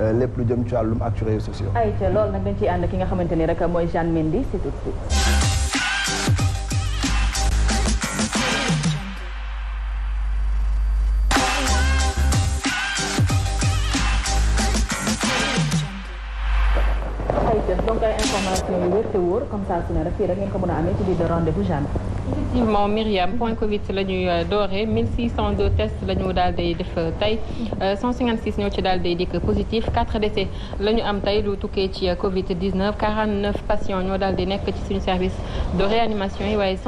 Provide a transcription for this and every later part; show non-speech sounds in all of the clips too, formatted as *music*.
Euh, lépp lu jëm ci wàllum ak ci réseaux nag dañ ciy ànd ki nga xamante ni rek mooy Jeanne Mendy si tout de suite. donc ay information yu wér te wóor comme ça su ne rek fii da ngeen ko mën a amee ci biir de rendez-vous Jeanne effectivement Myriam point Covid la ñuy euh, dooree 1602 tests la ñu daal day def euh, tey 156 mm-hmm. euh, ñoo ci daal day dikk positif 4 décès la ñu am tey lu tukkee ci Covid 19 49 patients ñoo daal di nekk ci suñu service de réanimation yi waaye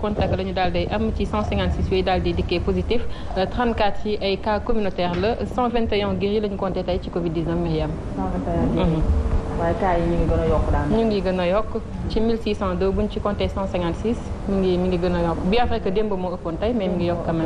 contacts la ñu daal day am ci 156 yooyu daal di dikkee positif 34 yi ay cas communautaire la 121 guéris la ñu compté tey ci Covid 19 Myriam. 121 waaye cas yi ñu ngi gën yokk ngi gën a yokk ci 1602 buñ ci compté 156 mi ngi mi ngi gën a yokk bien vrai démb moo ëppoon tey mais mi ngi yokk quand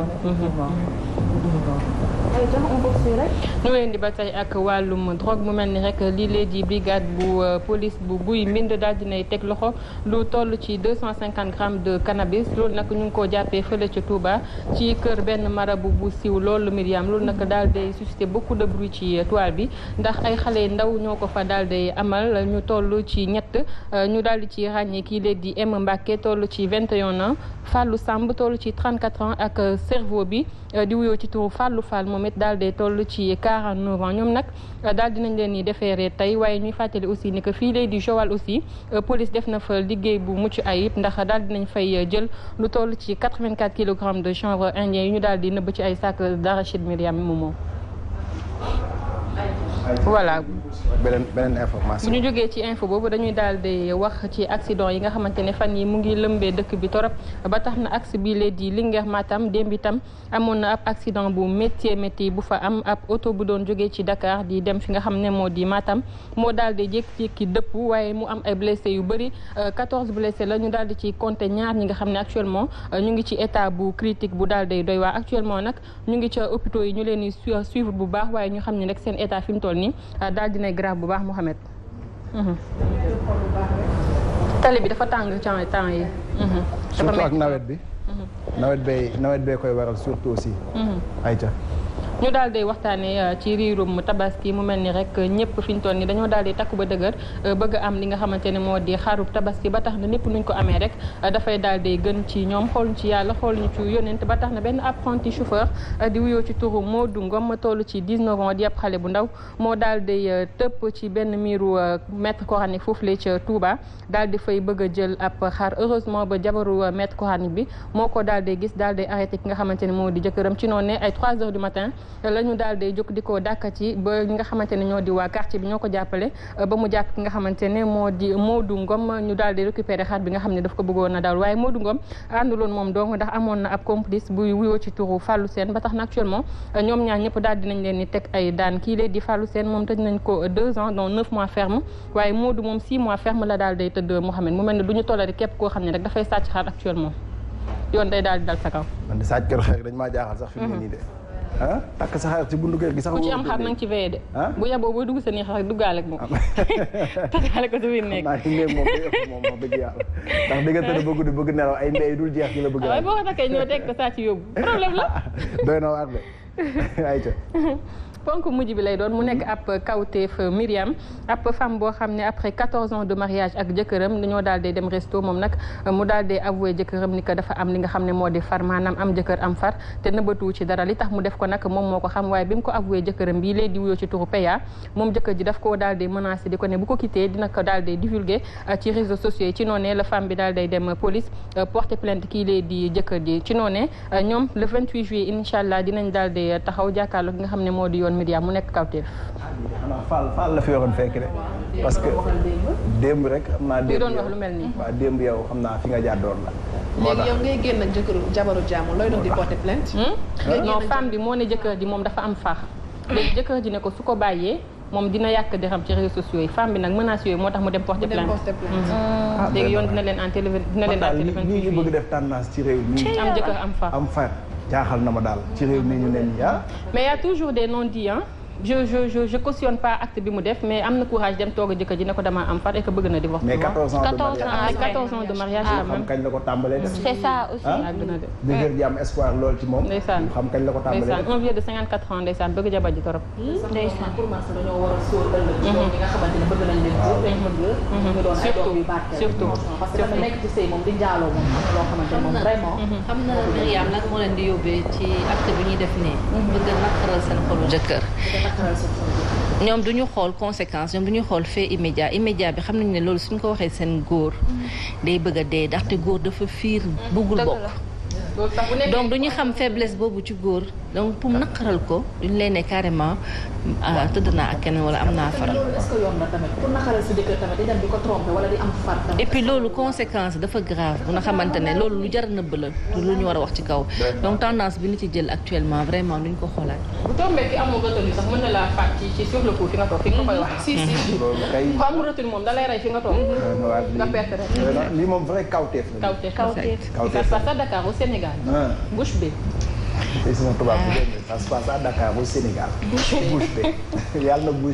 ñu leen di ba tey ak wàllum drogue mu mel ni rek lii lee di brigade bu euh, police bu guy mbind daal dinay teg loxo lu toll ci 250 grammes de cannabis loolu nag ñu ngi koo jàppee fële ca Touba ci kër benn marabu bu siiw loolu Myriam loolu nag daal day suscité beaucoup de bruit ci euh, toile bi ndax ay xale ndaw ñoo ko fa daal day amal ñu toll ci ñett euh, ñu daal di ci ràññee kii lee di M Mbacké toll ci 21 ans Fallou Samb toll ci 34 ans ak cerveau bi di moom it daal di toll ci 49 ans ñoom nag daal dinañ leen di defeeree tey waaye ñuy fàttali aussi ni que fii lay di Joal aussi euh, police def na fa liggéey bu mucc ayib ndax daal dinañ fay euh, jël lu toll ci 84 kilogrammes de chanvre indien yi ñu daal di nëbb ci ay sac d'arachide Myriam Momo voilà beneen bu ñu jógee ci info boobu dañuy daal di wax ci accident yi nga xamante ne fan yi mu ngi lëmbee dëkk bi torop ba tax na axe bi lee di Linguère Matam démb itam amoon na ab accident bu métti métti bu fa am ab oto bu doon jógee ci Dakar di dem fi nga xam ne moo di maatam moo daal di jékki-jékki dëpp waaye mu am ay blessé yu bëri 14 euh, blessé la ñu daal di ci compter ñaar ñi nga xam ne actuellement euh, ñu ngi ci état bu critique bu daal di doy waa actuellement nag ñu ngi ca hôpitaux yi baax waaye ñu xam fi mu toll toll nii ah, daal dina bu baax Mouhamed. Mhm. tali bi dafa tàng temps temps yi. Mhm. surtout ak nawet bi. Mhm. nawet bay nawet bee koy waral surtout aussi. ayca. ñu daal di waxtaanee euh, ci riirum tabaski mu mel ni rek ñëpp fi ñu toll ni dañoo daal di takku ba dëgër euh, bëgg am li nga xamante ne moo di xarub tabaski ba tax na lépp nuñ ko amee rek euh, dafay daal di gën ci ñoom xooluñ ci yàlla xooluñ ci yonent ba tax na benn apprenti chauffeur di wuyoo ci turu Modou Ngom toll ci 19 ans di ab xale bu ndaw moo daal di tëpp ci benn miiru maître coranique foofu la ca tuuba daal di fay bëgg a jël ab xar heureusement ba jabaru maître coranique bi moo ko daal di gis daal di arrêté ki xamante ne moo di jëkkëram ci noonu ne ay 3 heures matin la ñu daal di jóg di ko dàkkati ba ñi nga xamante ne ñoo di waa quartier bi ñoo ko jàppale euh, ba mu jàpp ki nga xamante ne moo di Modou Ngom ñu daal di récupérer xaat bi nga xam ne daf ko bëggoon a daal waaye Modou Ngom ànduloon moom dong ndax amoon na ab complice buy wuyoo ci turu Fallou Sène ba tax na actuellement euh, ñoom ñëpp daal dinañ leen ni teg ay daan kii lee di Fallou moom tëj nañ ko deux ans dont neuf mois ferme waaye Modou la daal day tëdd Mouhamed mu mel ne du ñu toléré képp koo xam ne rek dafay sàcc xaat actuellement yoon day daal di dal sa sàcc keroog rek dañ maa jaaxal sax fi mu nii de. ah takk sa xar ci bundu kër gi sax. ku ci am xar na nga ci veillé de. bu yaboo dugg sa nii xar duggaale ak moom. Ah, *laughs* takkaale ko su muy nekk. moom moom wax dëgg yàlla. ndax diggante ne bëgg di bëgg nelaw ay mbéy dul jeex ci la bëgg a. Ah, waaye boo ko takkee ñëw teg ko saa ci yóbbu la. *laughs* doy na waar de *laughs* ayca. ponk mujj bi lay doon mu nekk ab kawteef euh, Myriam ab femme boo xam ne après 14 ans de mariage ak jëkkëram dañoo daal dee dem resto moom nag euh, mu daal dee jëkkëram ni ko dafa ko nag moom di ko ne bu ko quitté dina ko daal dee euh, ci réseaux sociaux yi ci noonee la femme bi daal dem police porter plainte kii lay jëkkër ji ci noonee ñoom le 28 juillet allah dinañ daal dee taxaw jàkkaarloo ki nga xam ne moo di yoon woon mu nekk kawteef. xanaa Fall la fi waxoon parce que démb rek xam naa. démb wax lu mel nii. waaw démb yow xam naa fi nga jàddoon la. moo léegi yow ngay génn ak jëkkëru jabaru jaamu looy doon di porter plainte. Hmm? non femme bi moo ne jëkkër ji moom dafa am faax. léegi jëkkër ji ne ko su ko bàyyee. moom dina yàq deram ci réseaux sociaux yi femme bi nag menaces yooyu moo tax mu dem porter plainte hmm. ah, léegi yoon dina leen en télévi dina leen en télévi. lii ñu def tendance ci réew mi. am jëkkër am far am far. jaaxal na ma daal ci réew mi ñu ne nii ah. mais y a toujours des non-dits hein? je je pas acte bi mu def mais am na courage dem toog a jëkkër ji ne ko damaa am far et que bëgg na divorce. mais 14 ans de mariage 14 ah. ans kañ la ko tàmbalee def. c'est ça aussi. jëkkër ah? ji am espoir lool ci moom. de 54 bëgg jabar ji torop. Hmm? ndeysaan pour man dañoo war a sóor ëllëg. ñoom mhm. ñi nga xamante ne bëgg nañ leen ko. Mhm. Mhm. ñu doon ay doom yu barkeel. surtout surtout parce que ci sëy moom di njaaloo moom am na loo xamante di yóbbee ci acte bi ñuy def nii. ñoom du ñu xool conséquence ñoom du ñu xool fait immédiat immédiat bi xam nañu ne loolu suñ ko waxee seen góor. day bëgg a dee ndaxte góor dafa fiir buggul bokk. donc du ñu xam faiblesse boobu ci góor donc pour naqaral ko duñ leen ne carrément ah, tëdd naa ak kenn wala am naa faral. et loolu conséquence dafa grave bu nga xamante ne loolu lu jar nëbb la lu ñu war a wax ci kaw donc tendance bi ñu ci jël actuellement vraiment duñ ko xoolaat. bu tombee ki amul retenu sax mën na laa faat ci sur le coup fi nga toog fi nga koy wax. si si *laughs* ku amul retenu moom da rey fi nga toog. nga perte rek. lii moom vrai Sénégal. ah. bouche bée. tey sama tubaab bi dégg nga ça se passe à Dakar au Sénégal. bouche bée *laughs* yàlla na bouche